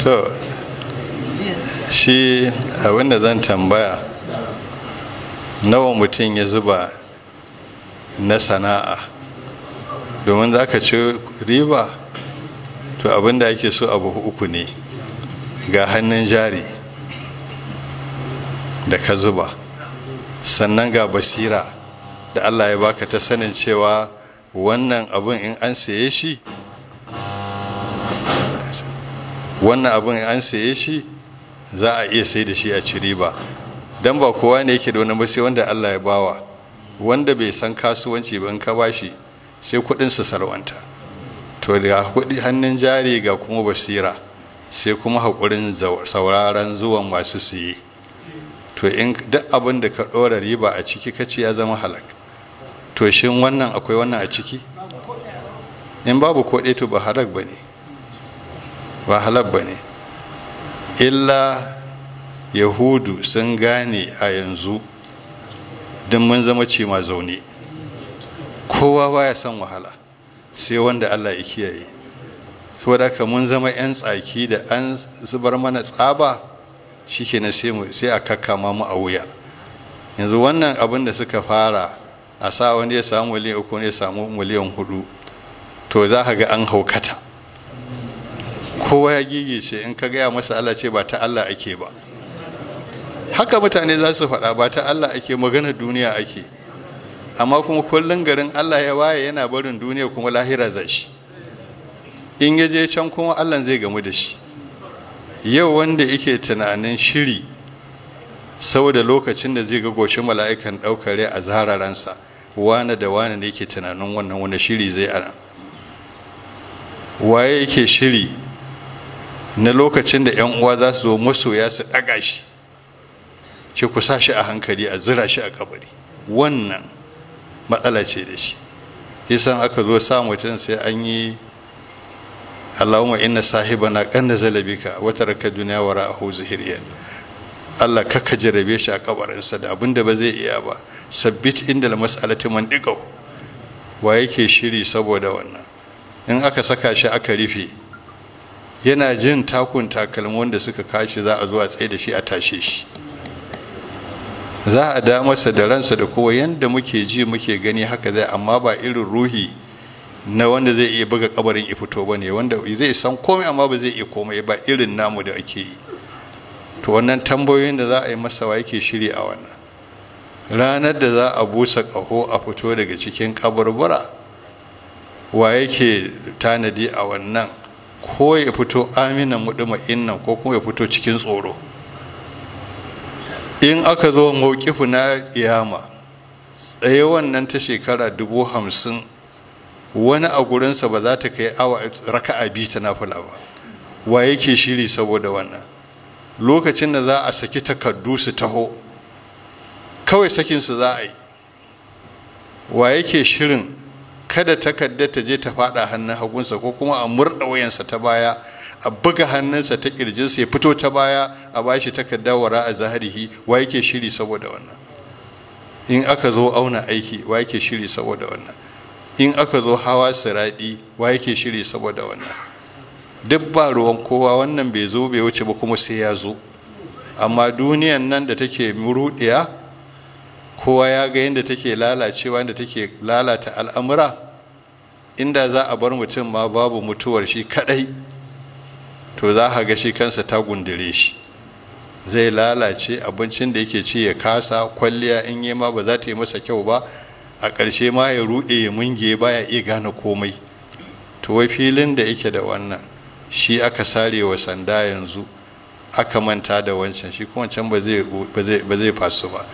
to shi abinda zan tambaya nawa mutum ya zuba na sana'a domin za ka ci riba to abinda ake so abu uku ne ga hannun jari da ka zuba sannan ga basira da allah ya baka ta sanin cewa wannan abin in an saye shi wannan abin an saye shi za a iya sai da shi a ci riba Don ba kowa ne yake da wani ba wanda Allah ya bawa wanda bai san kasuwanci ba in ka ba shi, sai kuɗin su salwanta to da kudi hannun jari ga kuma basira sai kuma haƙurin sauraron zuwan masu siye to in duk abin da ka ɗora riba a ciki ka ce ya zama halak to shin wannan akwai wannan a ciki in babu ko to ba halak ba ne ba halab ba ne illa yahudu sun gane a yanzu don mun zama ce ma zaune kowa baya son wahala sai wanda allah ya kiyaye saboda haka mun zama 'yan tsaki da an zubar mana tsaba shi ke na sai a kakkama mu a wuya yanzu wannan abin da suka fara a sa wanda ya samu miliyan uku ne samu miliyan hudu to za ka ga an haukata kowa ya ce in ka gaya masa Allah ce ba ta Allah ake ba haka mutane za su faɗa ba ta Allah ake magana duniya ake amma kuma kullum garin Allah ya waye yana barin duniya kuma lahira za shi in ya je can kuma Allah zai gamu da shi yau wanda yake tunanin shiri saboda lokacin da zai ga goshin mala'ikan ɗaukare a zararansa wane da wane ne yake tunanin wannan wani shiri zai ana waye yake shiri na lokacin da 'yan uwa za su zo masoya su ɗaga shi shi ku sa shi a hankali a zira shi a kabari wannan matsala ce da shi yasan aka zo sa mutum sai an yi allahumma inna sahibana kanna zalabika wa taraka dunya wa ra'ahu zahiriyan Allah kaka jarabe shi a kabarinsa da abinda ba zai iya ba sabbit inda mas'alati man diqaw wa yake shiri saboda wannan in aka saka shi aka rufe yana jin takun takalmi wanda suka kashi za a zuwa tsaye da shi a tashe shi za a da masa da ransa da kowa yadda muke ji muke gani haka zai amma ba irin ruhi na wanda zai iya buga kabarin ya fito ba ne wanda zai san komai amma ba zai iya komai ba irin namu da ake yi to wannan tambayoyin da za a yi masa wa yake shiri a wannan ranar da za a busa ƙaho a fito daga cikin kaburbura wa yake tanadi a wannan ko ya fito amina muduma innan ko kuma ya fito cikin tsoro in aka zo mawkifu na kiyama tsaye wannan ta shekara dubu hamsin wani a gurinsa ba za ta kai awa raka'a biyu ta nafila ba wa yake shiri saboda wannan lokacin da za a saki takardu su taho kawai sakinsu za a yi wa yake shirin kada takarda ta je ta fada hannun hagunsa ko kuma a murda wayansa ta baya a buga hannunsa ta kirjinsa ya fito ta baya a bashi takarda wara a zaharihi wa yake shiri saboda wannan in aka zo auna aiki wa yake shiri saboda wannan in aka zo hawa siradi wa yake shiri saboda wannan duk ba ruwan kowa wannan bai zo bai wuce ba kuma sai ya zo amma duniyan nan da take murudiya kowa ya ga yadda take lalacewa yadda take lalata al'amura inda za a bar mutum ma babu mutuwar shi kadai to za a ga shi kansa ta gundure shi zai lalace abincin da yake ci ya kasa kwalliya in yi ma ba za ta yi masa kyau ba a ƙarshe ma ya ruɗe ya munge baya iya gane komai to wai filin da yake da wannan shi aka sare wa sanda yanzu aka manta da wancan shi kuma can ba zai fasu ba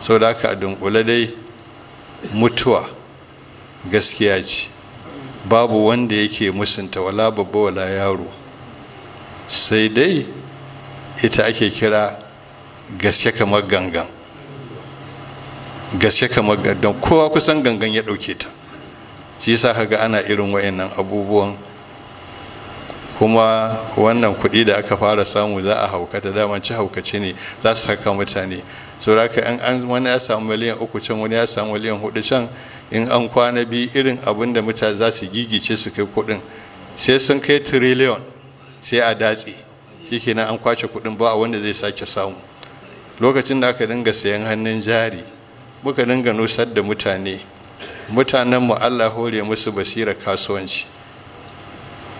sau da aka dunkule dai mutuwa gaskiya ce babu wanda yake musunta wala babba wala yaro sai dai ita ake kira gaske kamar gangan gaske kamar gangan kowa kusan gangan ya dauke ta shi yasa kaga ana irin wayannan abubuwan kuma wannan kuɗi da aka fara samu za a haukata daman ci haukace ne za su saka mutane sauraka in an wani ya samu miliyan uku can wani ya samu miliyan hudu can in an kwana biyu irin abin da mutane za su gigice su kai kuɗin sai sun kai tiriliyon sai a datse shikenan an kwace kuɗin ba wanda zai sake samu lokacin da aka dinga sayan hannun jari muka dinga nusar da mutane mutanenmu allah hore musu basira kasuwanci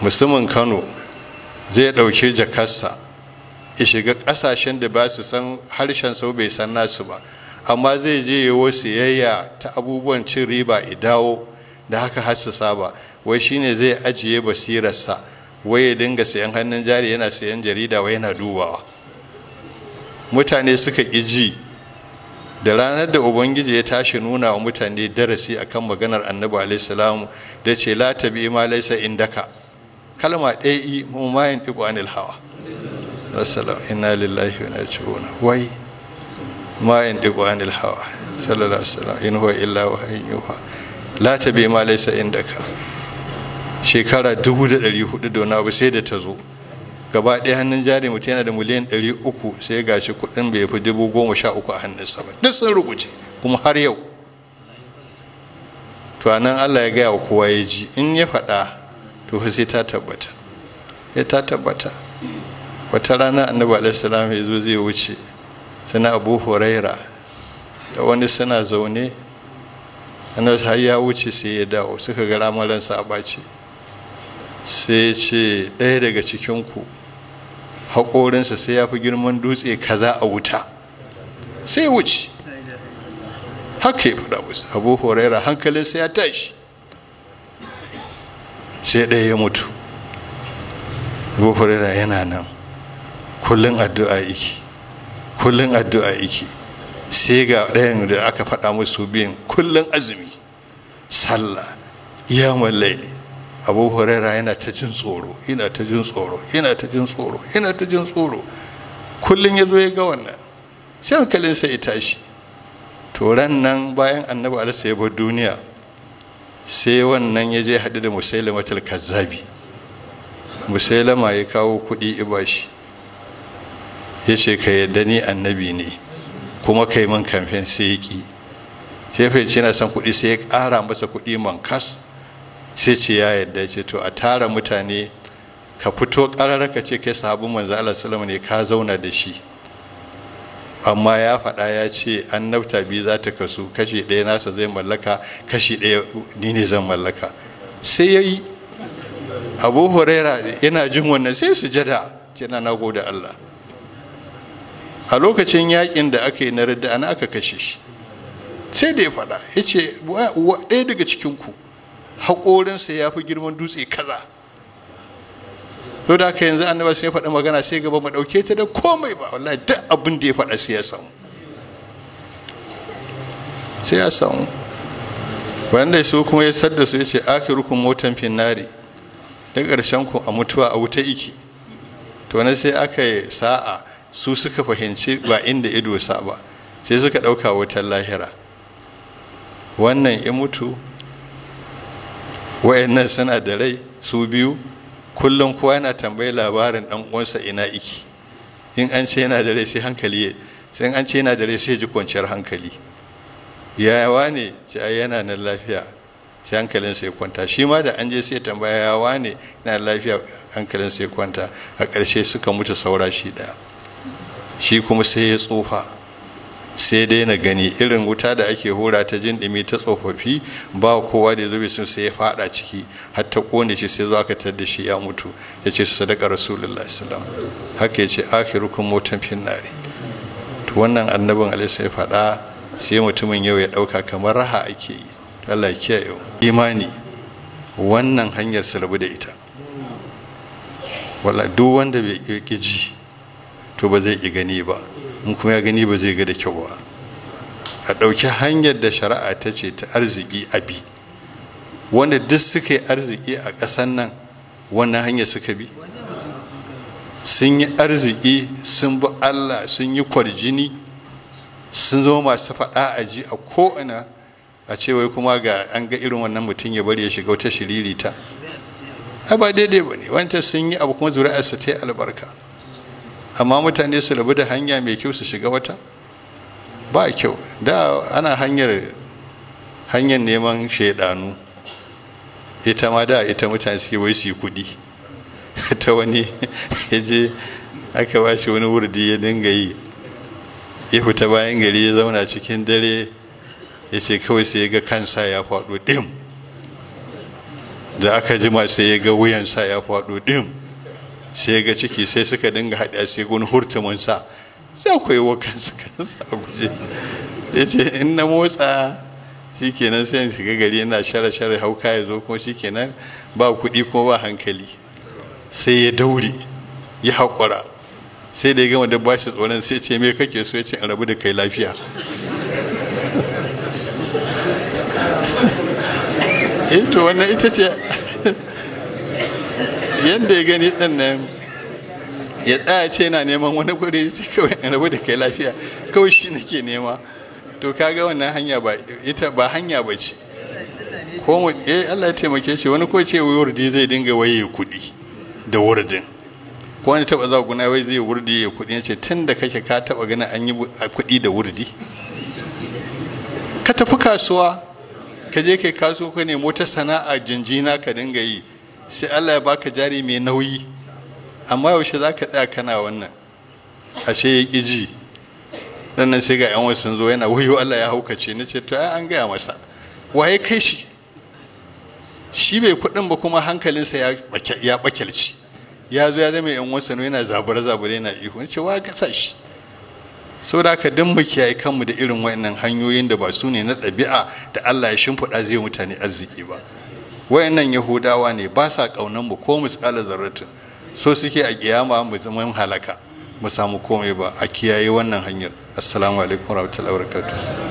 musamman kano zai ɗauki jakarsa ya shiga kasashen da ba su san harshen sau bai san nasu ba amma zai je wasu yayya ta abubuwan cin riba idawo da haka har saba wai shine zai ajiye basirarsa wai ya dinga sayan hannun jari yana sayan jarida wai yana dubawa mutane suka iji da ranar da ubangiji ya tashi nuna wa mutane darasi akan maganar annabi alaihi salamu da ce la tabi ma laisa indaka kalma ɗaya yi e, mu mayan ɗigo an ilhawa wasalam ina lillahi wa wuna wai mayan ɗigo an ilhawa sallallahu wasallam in huwa illa wa yuha lati bai ma inda ka. shekara dubu da ɗari hudu da wani abu sai da ta zo gaba ɗaya hannun jari mutum yana da miliyan ɗari uku sai ga shi kuɗin bai fi dubu goma sha uku a hannunsa ba duk sun rubuce kuma har yau to nan allah ya gaya wa kowa ya ji in ya faɗa to sai ta tabbata ya eh, ta tabbata wata rana annabi alaihissalam ya zo zai wuce suna abu huraira da wani suna zaune annabi har ya wuce sai ya dawo suka ga ramalansa a bace sai ce ɗaya daga cikinku haƙorinsa sai ya fi girman dutse kaza a wuta sai wuce haka ya faɗa musu abu huraira hankalinsa ya tashi sai ɗaya ya mutu abu huraira yana nan kullum addu'a iki kullum addu'a iki sai ga ɗayan da aka faɗa musu biyan kullum azumi sallah ya laili abu huraira yana ta jin tsoro yana ta jin tsoro yana ta jin tsoro yana ta jin tsoro kullum ya zo ya ga wannan sai hankalinsa ya tashi to ran nan bayan annabi alisa ya bar duniya sai wannan ya je haɗu da musailamatul kazzabi musailama ya kawo kuɗi ibashi ya ce ka yadda ni annabi ne kuma ka yi min kamfen sai ya ƙi ce yana san kuɗi sai ya ƙara masa kuɗi mankas sai ce ya yadda ce to a tara mutane ka fito ƙararraka ce kai sabon manzo salama ne ka zauna da shi amma ya faɗa ya ce annabta biyu za ta kasu kashi ɗaya nasa zai mallaka kashi ɗaya ni ne zan mallaka sai ya yi abu huraira yana jin wannan sai su jada, yana na gode allah a lokacin yakin da aka yi na radda ana aka kashe shi sai da ya faɗa ya ce ɗaya daga cikinku haƙorinsa ya fi girman dutse kaza to da haka yanzu annabi sai faɗi magana sai gaba mu ɗauke ta da komai ba wallahi duk abin da ya faɗa sai ya samu sai ya samu wanda su kuma ya sadda su ya ce motan finnari da ƙarshen ku a mutuwa a wuta iki to na sai aka yi sa'a su suka fahimci ba inda ido sa ba sai suka ɗauka wutar lahira wannan ya mutu wayannan suna da rai su biyu kullum kowa yana tambayi labarin ɗan uwansa ina iki in an ce yana da rai sai hankali sai an ce yana da rai sai ji kwanciyar hankali yawa ne ce yana nan lafiya sai hankalin sai kwanta shi ma da an je sai tambaya yawa ne yana lafiya hankalin sai kwanta a ƙarshe suka mutu saura shi ɗaya shi kuma sai ya tsufa sai dai na gani irin wuta da ake hura ta jin ɗimi ta tsofaffi ba kowa da zube sun sai ya fada ciki har ta kone shi sai zuwa ka da shi ya mutu ya ce su sadaka rasulullahi sallam haka ya ce rukun motan finnari to wannan annabin alaihi ya faɗa sai mutumin yau ya ɗauka kamar raha ake yi Allah ya kiyaye imani wannan hanyar su rabu da ita wala duk wanda bai kiji to ba zai ƙi gani ba in kuma ya gani ba zai ga da kyau ba a ɗauki hanyar da shari'a ta ce ta arziki a bi wanda duk suka yi arziki a ƙasan nan wannan hanyar suka bi sun yi arziki sun bi allah sun yi kwarjini sun zama masu faɗa a ji a ko'ina a ce wai kuma ga an ga irin wannan mutum ya bari ya shiga wata shiririta ba daidai ba ne wancan sun yi abu kuma su ta yi albarka amma mutane su rabu da hanya mai kyau su shiga wata ba kyau da ana hanyar hanyar neman shaidanu ita ma da ita mutane suke wai su kudi kuɗi ta wani ya je aka ba shi wani wurdi ya dinga yi ya fita bayan gari ya zauna cikin dare ya ce kawai sai ya ga kansa ya faɗo dim da aka jima sai ya ga sa ya faɗo dim sai ga ciki sai suka dinga haɗa sai gun hurtumunsa sai ku yi wakansa kansa a guje ya ce in na motsa shi kenan sai in shiga gari yana share shara hauka ya zo kuma shi kenan ba kuɗi kuma ba hankali sai ya daure ya haƙura sai da ya gama da bashi tsoron sai ce me kake so ya ce in rabu da kai lafiya ito eh, wannan ita ce yadda ya gani ɗin nan ya tsaya ce na neman wani guri shi kawai in rabu da kai lafiya kawai shi nake nema to kaga wannan hanya ba ita ba hanya ba ce ko mu eh Allah ya taimake shi wani ko ce wurdi zai dinga waye kuɗi da wurdin ko wani taba za guna wai zai wurdi ya kuɗi ya ce tun da kake ka taba gana an yi kuɗi da wurdi ka tafi kasuwa ka je kai kasuwa ka nemo ta sana'a jinjina ka dinga yi sai Allah ya baka jari mai nauyi amma yaushe za ka tsaya kana wannan ashe ya ƙi ji sannan sai ga yan wasu sun zo yana wuyo Allah ya haukace na ce to ai an gaya masa waye kai shi shi bai kuɗin ba kuma hankalinsa ya ɓakilci ya zo ya zama yan wasu yana zabura zabura yana ihu ce wa ka sa shi da aka dan muke yi kanmu da irin waɗannan hanyoyin da ba su ne na ɗabi'a da Allah ya shimfiɗa zai mutane arziki ba wayannan yahudawa ne ba sa kaunan mu ko misalar zarratin so suke a kiyama mu zama halaka mu samu komai ba a kiyaye wannan hanyar assalamu alaikum warahmatullahi wabarakatuh